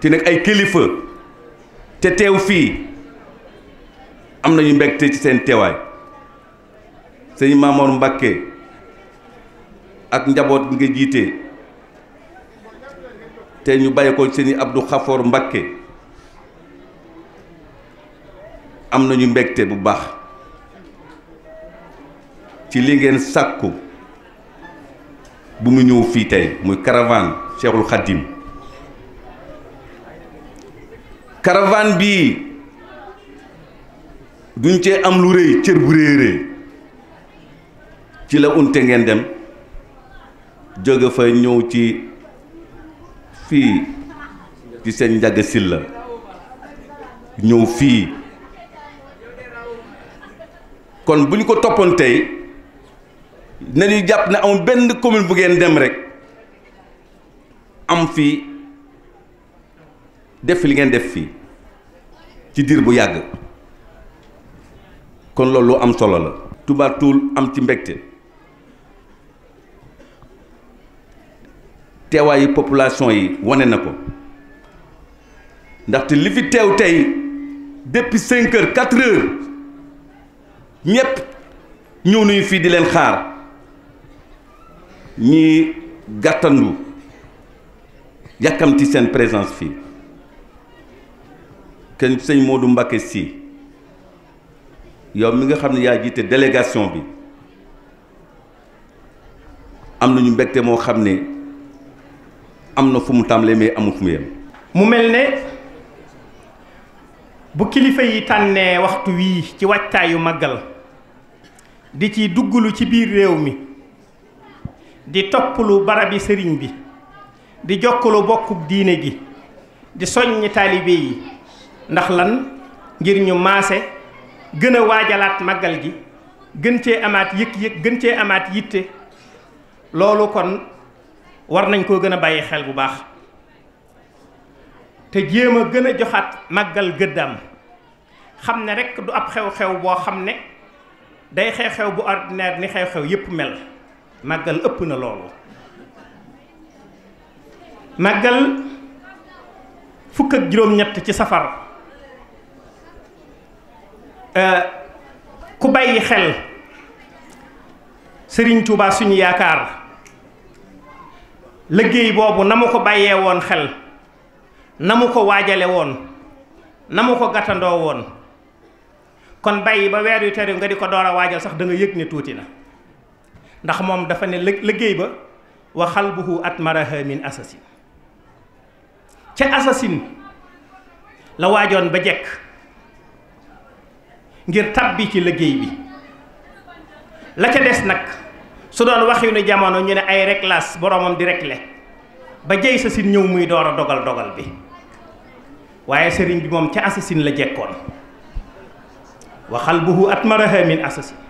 te nag ay kilifa te teew fii am na ñu mbégte ci seen teewaay sëñ Maamoor Mbàkke ak njaboot nga jiite te ñu bàyyi ko sëñ Abdou Xafoor Mbàkke am nañu mbégte bu baax ci li ngeen sàkku bu mu ñëw fii tey muy caravane Cheikhul Khadim caravane bii duñ ci am lu rëy cër bu rëy rëy ci la unte ngeen dem jóge fa ñëw ci fii ci seen njagg silla ñëw fii kon bu ñu ko toppoon tey nañu jàpp ne amul benn commune bu ngeen dem rek am fii def li ngeen def fii ci diir bu yàgg kon loolu am solo la Touba am ci mbégte teewaayu population yi wane na ko ndaxte li fi teew tey depuis cinq heures quatre heures ñëpp ñëw nañu fii di leen xaar ñi gàttandu yàkkamti seen présence fii kenn sëñ Modou Mbacké si yow mi nga xam ne yaa jiite délégation bi am nañu mbégte moo xam ne am na fu mu tàmbalee mais amul fu mu yem mu mel ne bu kilifa yi tànnee waxtu wii ci waajtaayu màggal di ci duggulu ci biir réew mi di topplu barabi sëriñ bi di jokkulu bokkub diine gi di soññ taalibe yi ndax lan ngir ñu maase gën a waajalaat màggal gi gën cee amaat yëg-yëg gën cee amaat yitte loolu kon war nañ koo gën a bàyyi xel bu baax te jéem a gën a joxaat màggal gëddam xam ne rekk du ab xew-xew boo xam ne day xew-xew bu ordinaire ni xew-xew yépp mel màggal ëpp na loolu màggal fukk ak juróom-ñett ci safar Euh, ku bàyyi xel sëriñ Touba suñu yaakaar liggéey boobu na mu ko bàyyee woon xel na mu ko waajale woon na mu ko gàttandoo woon kon bàyyi ba weer yu teru nga di ko door waajal sax da yëg ne tuuti na ndax moom dafa ne liggéey ba wa xalbuhu atmaraha min assasine ca assasine la waajoon ba jekk ngir tabbi ci liggéey bi la ca des nag su doon wax jamono ñu ne ay reclasse boromam di rekle ba jëy sa ñëw muy door a dogal dogal bi waaye sëriñ bi moom ca assasine la jekkoon waxal buhu at maraha min assasine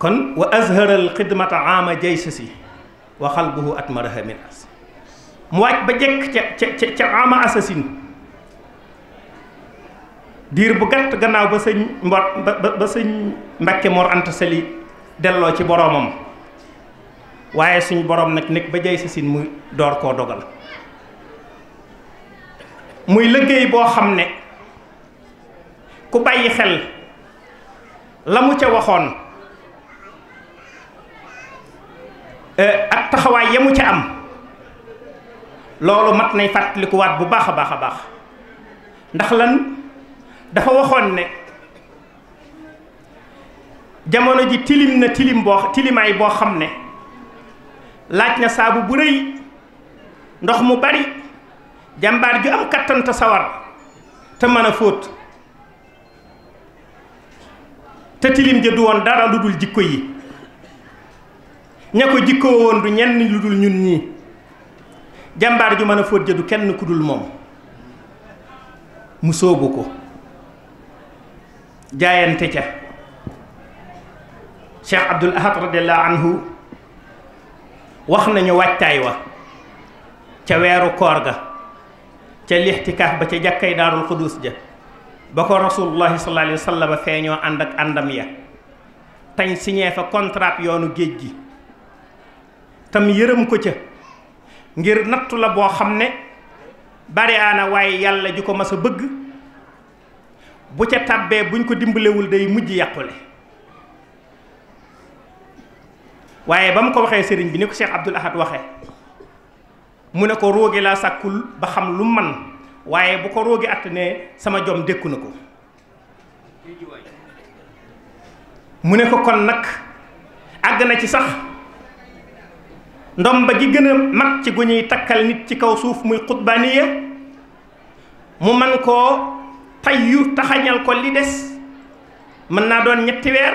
kon wa azharal xidmata ama jay sa si waxal at ma min assasine mu wàcc ba jekk ca ca ca ama assasine diir bu gàtt gannaaw ba sëñ mbot ba ba sëñ Mbàkke Mor Anta Sali delloo ci boroomam waaye suñ boroom nag nekk ba jay sa sin muy door koo dogal muy liggéey boo xam ne ku bàyyi xel la mu ca waxoon eh, ak taxawaay ya mu ca am loolu mat nay fàttalikuwaat bu baax a baax a baax ndax lan dafa waxoon ne jamono ji tilim na tilim boo tilimaay boo xam ne laaj na saabu bu rëy ndox mu bari jàmbaar ju am kattan te sawar te mën a fóot te tilim ja du woon dara lu dul jikko yi ña ko jikko woon du ñenn lu dul ñun ñii jàmbaar ju mën a fóot ja du kenn ku dul moom mu soogu ko jaayante ca Cheikh Abdul Ahad radiallahu anhu wax nañu wàccaay wa ca weeru koor ga ca lixtikaaf ba ca jàkkay daarul xudus ja ba ko rasulullahi sallallahu alayhi feeñoo ànd ak àndam ya tañ signé fa contrat yoonu géej gi tam yërëm ko ca ngir nattu la boo xam ne bari aana waaye yàlla ju ko mas a bëgg bu ca tàbbee buñ ko dimbalewul day mujj yàqule waaye ba mu ko waxee sëriñ bi ni ko Cheikh Abdoul Ahad waxee mu ne ko roogi laa sàkkul ba xam lu man waaye bu ko roogi att ne sama jom dékku na ko mu ne ko kon nag àgg na ci sax ndomba gi gëna a mag ci gu ñuy takkal nit ci kaw suuf muy xutbaaniya mu man koo tey yu taxañal ko li des mën naa doon ñetti weer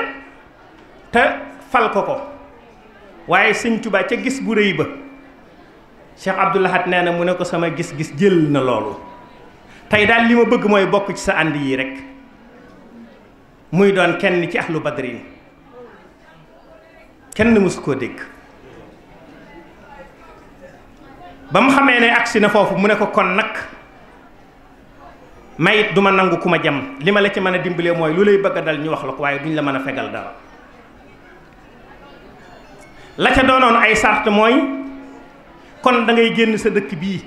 te fal ko ko waaye sëñ Tuubaa ca gis bu rëy ba Cheikh Abdou Lahad nee na mu ne ko sama gis-gis jël na loolu tey daal li ma bëgg mooy bokk ci sa ànd yi rek muy doon kenn ci ahlu badrin kenn mësu koo dégg ba mu xamee ne agsi na foofu mu ne ko kon nag mayit duma nangu ku ma jam li ma la ci mën a dimbalee mooy lu lay bëgg dal ñu wax la ko waaye duñ la mën a fegal dara la ca doonoon ay sart mooy kon dangay génn sa dëkk bii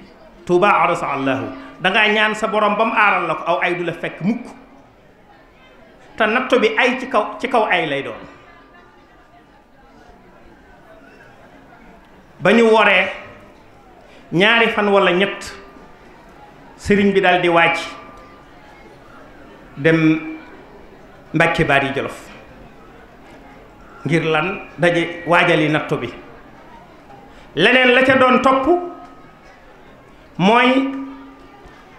tuuba arasa allahu dangaa ñaan sa borom ba mu aaral la ko aw ay du la fekk mukk te natto bi ay ci kaw ci kaw ay lay doon ba ñu woree ñaari fan walla ñett sëriñ bi daal di wàcc dem Mbàkke Baari Jolof ngir lan daje waajali nattu bi leneen la ca doon topp mooy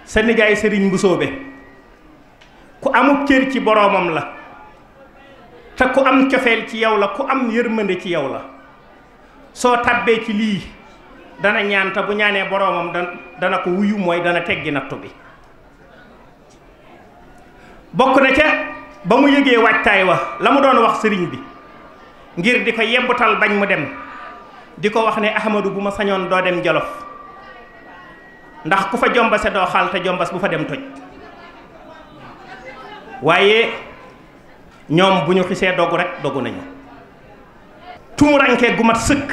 sa nijaay sëriñ bu soobe ku amub cër ci boroomam la te ku am cofeel ci yow la ku am yërmande ci yow la soo tàbbee ci lii dana ñaanta bu ñaanee boroomam dana ko wuyu mooy dana teggi nattu bi bokk na ca ba mu yëgee waajtaay wa la mu doon wax sëriñ bi ngir di ko yebbutal bañ mu dem di ko wax ne Ahmadu bu ma sañoon doo dem Jolof ndax ku fa jombase doo xaal te jombas bu fa dem toj waaye ñoom bu ñu xisee dogu rek dogu nañu tumuranke gu mat sëkk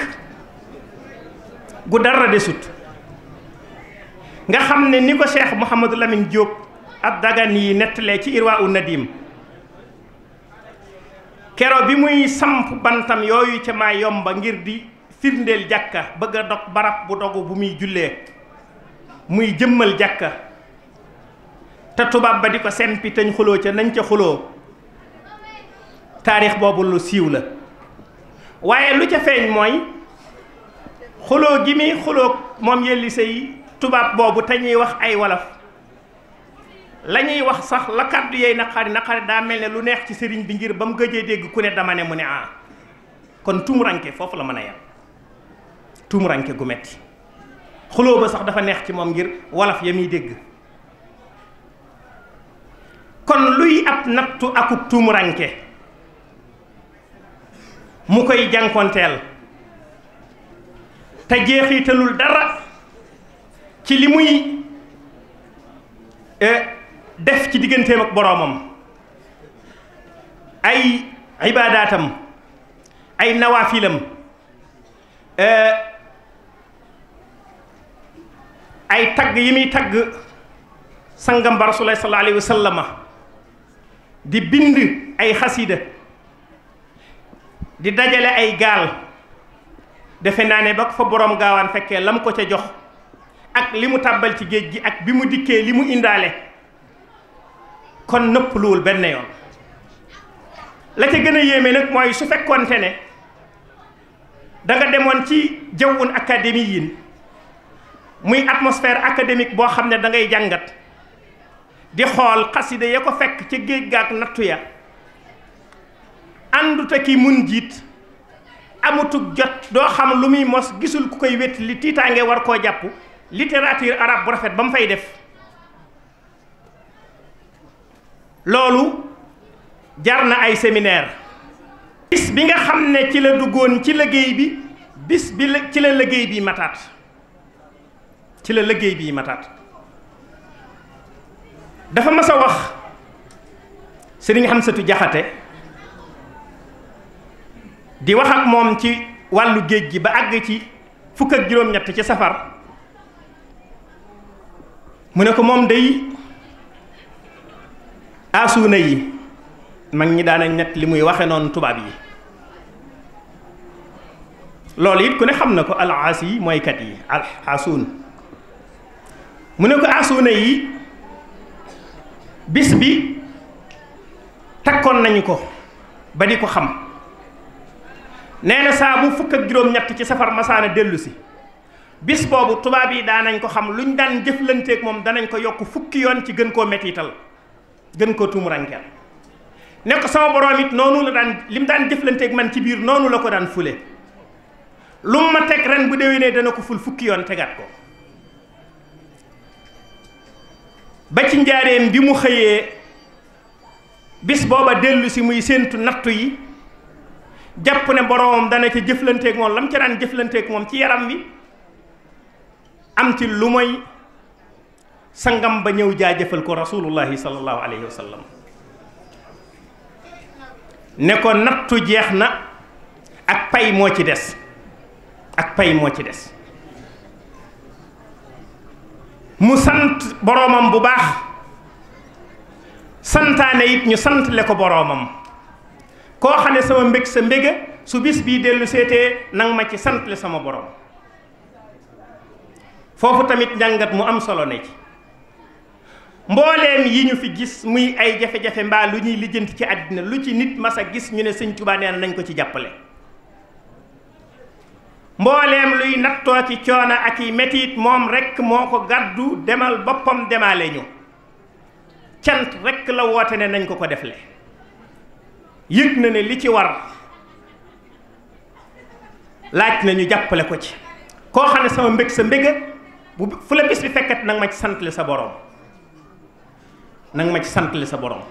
gu dara desut nga xam ne ni ko Cheikh Mouhamadou Lamine Diop ad dagan yi nettalee ci irwa u nadim kero bi muy samp bantam yooyu ca maa yomba ngir di firndeel jàkka bëgg a dog barab bu dogu bu muy jullee muy jëmmal jàkka te tubaab ba di ko sempi tañ xuloo ca nañ ca xuloo taarix boobu lu siiw la waaye lu ca feeñ mooy xuloo gi muy xuloo moom yëlli say tubaab boobu te ñuy wax ay wolof la ñuy wax sax la kàddu yey naqari naqari daa mel ne lu neex ci sëriñ bi ngir ba mu gëjee dégg ku ne dama ne mu ne ah kon tumuranke foofu la mën a yem tumuranke gu metti xuloo ba sax dafa neex ci moom ngir wolof ya muy dégg kon luy ab nattu akub tuumuranke mu koy jànkonteel te jeexitalul dara ci li muy ci digganteem ak boroomam ay ibaadaatam ay nawaafilam eh, ay tagg yi muy tagg sangam ba rasulullah sallallahu alayhi wa di bind ay xasida di dajale ay gaal defe naa ne ba ko fa boroom gaawaan fekkee lam ko ca jox ak li mu tàbbal ci géej gi ak bi mu dikkee li mu indaale kon nëppaluwul benn yoon la ca gën a yéeme nag mooy su fekkoonte ne danga demoon ci jawwun académie yin muy atmosphère académique boo xam ne da ngay jàngat di xool xasida ya ko fekk ca géej gaak nattu ya ànduta ki mun jiit amutug jot doo xam lu muy mos gisul ku koy wétt li tiitaange war koo jàpp littérature arabe bu rafet ba mu fay def loolu jar na ay séminaire bis bi nga xam ne ci la duggoon ci liggéey bi bis bi la ci la liggéey bi mataat ci liggéey bi mataat dafa mas a wax sëriñ Xamsatu Jaxate di wax ak moom ci wàllu géej gi ba àgg ci fukk ak juróom-ñett ci safar mu ne ko moom day asuuna yi mag ñi daana ñett li muy waxe noonu tubaab yi loolu it ku ne xam na ko alaas yi mooy yi al mu ne ko asuuna yi bis bi takkoon nañu ko ba di ko xam nee na saabu fukk ak juróom-ñett ci safar masaana dellu si bis boobu tubaab yi daanañ ko xam luñ daan jëflanteeg moom danañ ko yokk fukki yoon ci gën koo mettital gën ko tumurankel ne ko sama borom it noonu la daan li mu daan jëflanteeg man ci biir noonu la ko daan fule lu mu ma teg ren bu déwénee dana ko ful fukki yoon tegaat ko ba ci njaareem bi mu xëyee bis booba dellu si muy séentu nattu yi jàpp ne boromam dana ca jëflanteeg moom lam ca daan jëflanteeg moom ci yaram wi am ci lu may sangam ba ñëw jëfal ko rasulullahi sallallahu alayhi wa sallam ne ko nattu jeex na ak pay moo ci des ak pay moo ci des mu sant boroomam bu baax santaane it ñu santle ko boroomam koo xam ne sama mbég sa mbéga su bis bii dellu seetee nanga ma ci santle sama boroom foofu tamit njàngat mu am solo ne ci mbooleem yi ñu fi gis muy ay jafe-jafe mbaa lu ñuy lijjanti ci àddina lu ci nit mas a gis ñu ne sëñ Tuubaa nee nañ ko ci jàppale mbooleem luy nattoo ci coono ak i metit moom rekk moo ko gàddu demal boppam demaale ñu cant rekk la woote ne nañ ko ko defle yëg na ne li ci war laaj na ñu jàppale ko ci koo xam ne sama mbég sa mbéga bu fu la bis bi fekkat nag ma ci sa boroom nanga ma ci santale sa boroom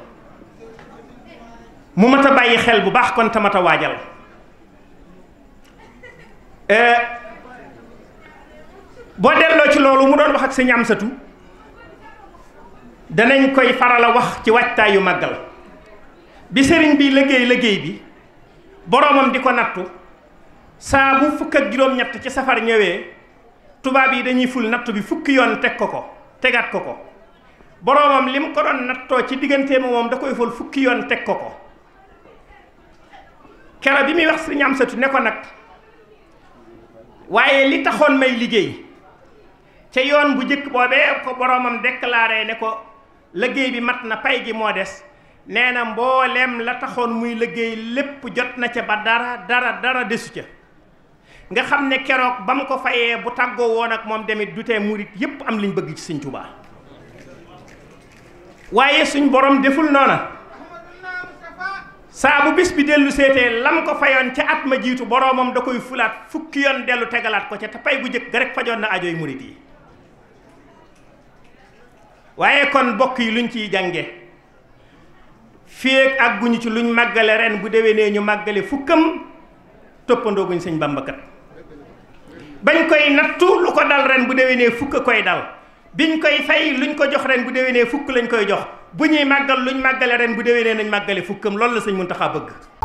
mu mat a bàyyi xel bu baax kon te mat a waajal euh, boo delloo ci loolu mu doon wax ak sëñ Amsatu danañ koy faral a wax ci waajtaayu màggal bi sëriñ bi liggéey liggéey bi boroomam di ko nattu saa bu fukk ak juróom-ñett ci safar ñëwee tubaab yi dañuy ful nattu bi fukk yoon teg ko ko tegaat ko ko boroomam li mu ko doon nattoo ci digganteem moom da koy fol fukki yoon teg ko ko kero bi muy wax sëriñ Amsatu ne ko nag waaye li taxoon may liggéey ca yoon bu jëkk boobee ko boroomam déclaré ne ko liggéey bi mat na pay gi moo des nee na mbooleem la taxoon muy liggéey lépp jot na ca ba dara dara dara desu ca nga xam ne keroog ba mu ko fayee bu tàggoo woon ak moom demit du tee murit yépp am liñ bëgg ci Sëriñ Tuubaa waaye suñ borom deful noona saa bu bis bi dellu seetee lam ko fayoon ca at ma jiitu boroomam da koy fulaat fukki yoon dellu tegalaat ko ca te pay gu jëkk ga rek fajoon na ajooy murit yi waaye kon bokk yi luñ ciy jànge fii ak guñu ci luñ màggale ren bu dewee déwénee ñu màggale fukkam toppandoo guñ sëñ bambakat bañ koy nattu lu ko dal ren bu dewee déwénee fukk koy dal bi ñu koy fay ñu ko jox ren bu déwénee fukk lañ koy jox bu ñuy màggal luñ màggale ren bu dewee déwénee nañ màggale fukkam loolu la sëñ Muntaxa bëgg